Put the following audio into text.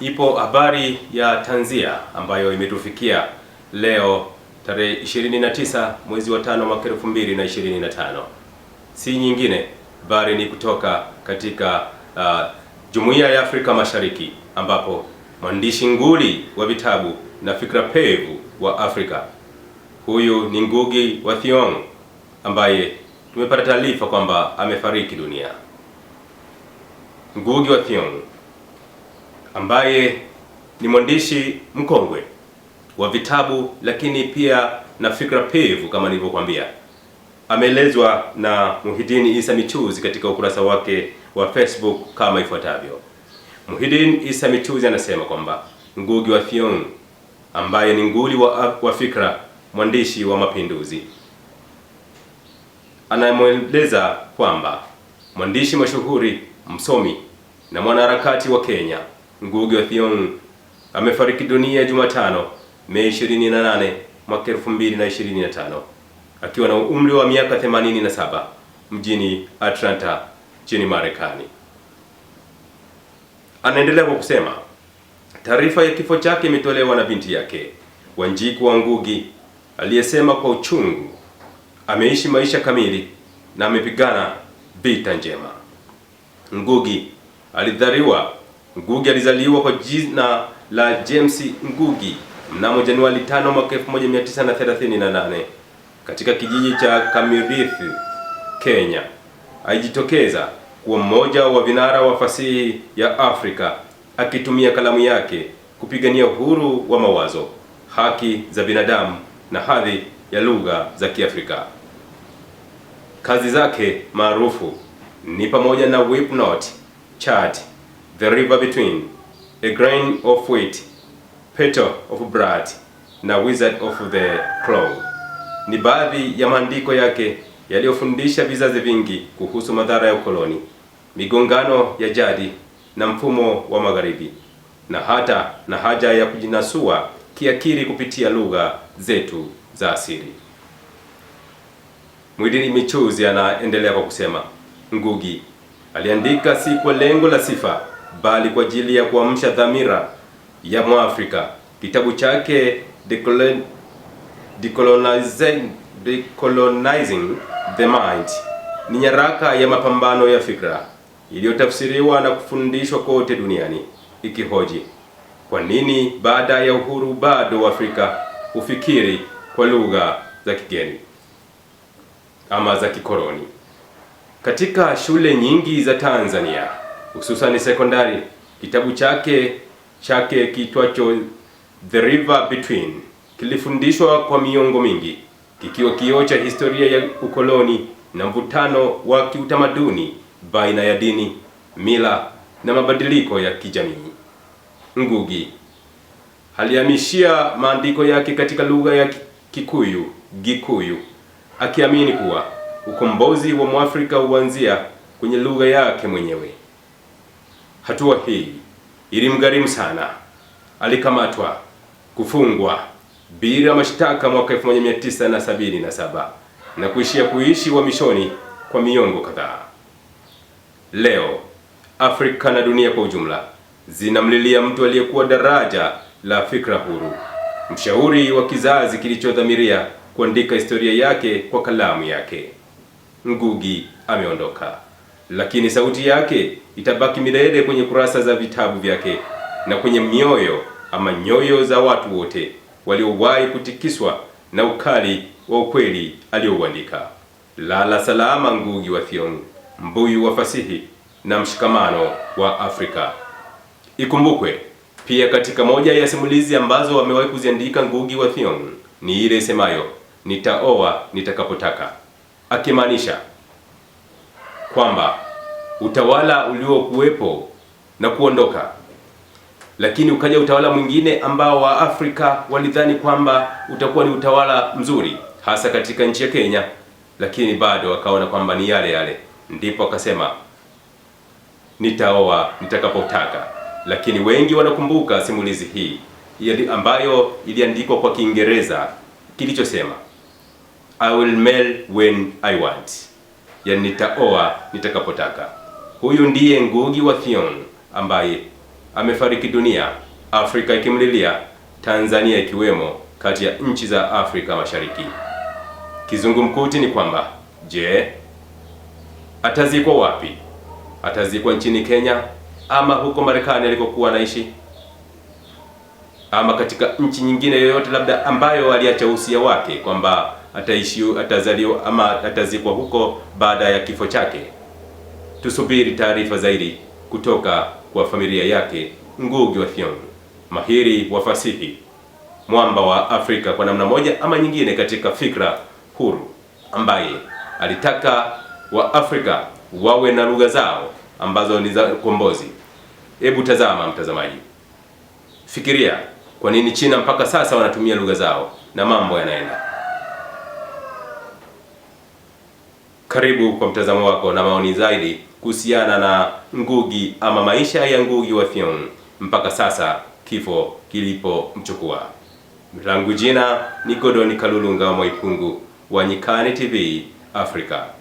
Ipo habari ya tanzia ambayo imetufikia leo tarehe 29 mwezi wa tano mwaka 2025, si nyingine bali ni kutoka katika uh, Jumuiya ya Afrika Mashariki ambapo mwandishi nguli wa vitabu na fikra pevu wa Afrika huyu ni Ngugi wa thiong ambaye tumepata taarifa kwamba amefariki dunia. Ngugi wa thiong ambaye ni mwandishi mkongwe wa vitabu lakini pia na fikra pevu kama nilivyokuambia. Ameelezwa na Muhidini Isa Michuzi katika ukurasa wake wa Facebook kama ifuatavyo. muhidin Isa Michuzi anasema kwamba Ngugi wa Thiong'o ambaye ni nguli wa, wa fikra, mwandishi wa mapinduzi, anamweleza kwamba mwandishi mashuhuri, msomi na mwanaharakati wa Kenya Ngugi wa Thiong'o amefariki dunia Jumatano, Mei 28 mwaka 2025 akiwa na umri wa miaka 87 mjini Atlanta nchini Marekani. Anaendelea kwa kusema taarifa ya kifo chake imetolewa na binti yake Wanjiku wa Ngugi aliyesema kwa uchungu, ameishi maisha kamili na amepigana vita njema. Ngugi alidhariwa Ngugi alizaliwa kwa jina la James Ngugi mnamo Januari 5 mwaka 1938 katika kijiji cha Kamirith, Kenya. Alijitokeza kuwa mmoja wa vinara wa fasihi ya Afrika akitumia kalamu yake kupigania uhuru wa mawazo, haki za binadamu na hadhi ya lugha za Kiafrika. Kazi zake maarufu ni pamoja na Weep Not, Chad the river between, a grain of wheat, petal of bread, na wizard of the crow. Ni baadhi ya maandiko yake yaliyofundisha vizazi vingi kuhusu madhara ya ukoloni, migongano ya jadi na mfumo wa magharibi, na hata na haja ya kujinasua kiakili kupitia lugha zetu za asili. Mwidini Michuzi anaendelea kwa kusema Ngugi aliandika si kwa lengo la sifa bali kwa ajili ya kuamsha dhamira ya Mwafrika. Kitabu chake Decolonizing, Decolonizing the Mind ni nyaraka ya mapambano ya fikra iliyotafsiriwa na kufundishwa kote duniani ikihoji kwa nini baada ya uhuru bado Afrika hufikiri kwa lugha za kigeni ama za kikoloni. Katika shule nyingi za Tanzania hususani sekondari, kitabu chake chake kitwacho The River Between kilifundishwa kwa miongo mingi kikiwa kioo cha historia ya ukoloni na mvutano wa kiutamaduni baina ya dini, mila na mabadiliko ya kijamii. Ngugi alihamishia maandiko yake katika lugha ya Kikuyu, Gikuyu, akiamini kuwa ukombozi wa Mwafrika huanzia kwenye lugha yake mwenyewe. Hatua hii ilimgharimu sana. Alikamatwa, kufungwa bila mashtaka mwaka 1977 na kuishia kuishi uhamishoni kwa miongo kadhaa. Leo Afrika na dunia kwa ujumla zinamlilia mtu aliyekuwa daraja la fikra huru, mshauri wa kizazi kilichodhamiria kuandika historia yake kwa kalamu yake. Ngugi ameondoka lakini sauti yake itabaki milele kwenye kurasa za vitabu vyake na kwenye mioyo ama nyoyo za watu wote waliowahi kutikiswa na ukali wa ukweli aliouandika. Lala salama Ngugi wa Thiong'o, mbuyu wa fasihi na mshikamano wa Afrika. Ikumbukwe pia katika moja ya simulizi ambazo wamewahi kuziandika Ngugi wa Thiong'o ni ile isemayo nitaoa nitakapotaka, akimaanisha kwamba utawala uliokuwepo na kuondoka, lakini ukaja utawala mwingine ambao Waafrika walidhani kwamba utakuwa ni utawala mzuri hasa katika nchi ya Kenya, lakini bado wakaona kwamba ni yale yale, ndipo akasema nitaoa nitakapotaka. Lakini wengi wanakumbuka simulizi hii ambayo iliandikwa kwa Kiingereza kilichosema I will marry when I want ya nitaoa nitakapotaka. Huyu ndiye Ngugi wa Thiong'o ambaye amefariki dunia, Afrika ikimlilia, Tanzania ikiwemo kati ya nchi za Afrika Mashariki. Kizungumkuti ni kwamba je, atazikwa wapi? Atazikwa nchini Kenya ama huko Marekani alikokuwa anaishi ama katika nchi nyingine yoyote labda ambayo aliacha usia wake kwamba ataishi atazaliwa ama atazikwa huko baada ya kifo chake. Tusubiri taarifa zaidi kutoka kwa familia yake. Ngugi wa Thiong'o, mahiri wa fasihi, mwamba wa Afrika kwa namna moja ama nyingine, katika fikra huru, ambaye alitaka Waafrika wawe na lugha zao ambazo ni za ukombozi. Hebu tazama mtazamaji, fikiria kwa nini China mpaka sasa wanatumia lugha zao na mambo yanaenda Karibu kwa mtazamo wako na maoni zaidi kuhusiana na Ngugi ama maisha ya Ngugi wa Thiong'o mpaka sasa kifo kilipomchukua. Langu jina ni Godoni Kalulunga Mwaipungu wa Nyikani TV Afrika.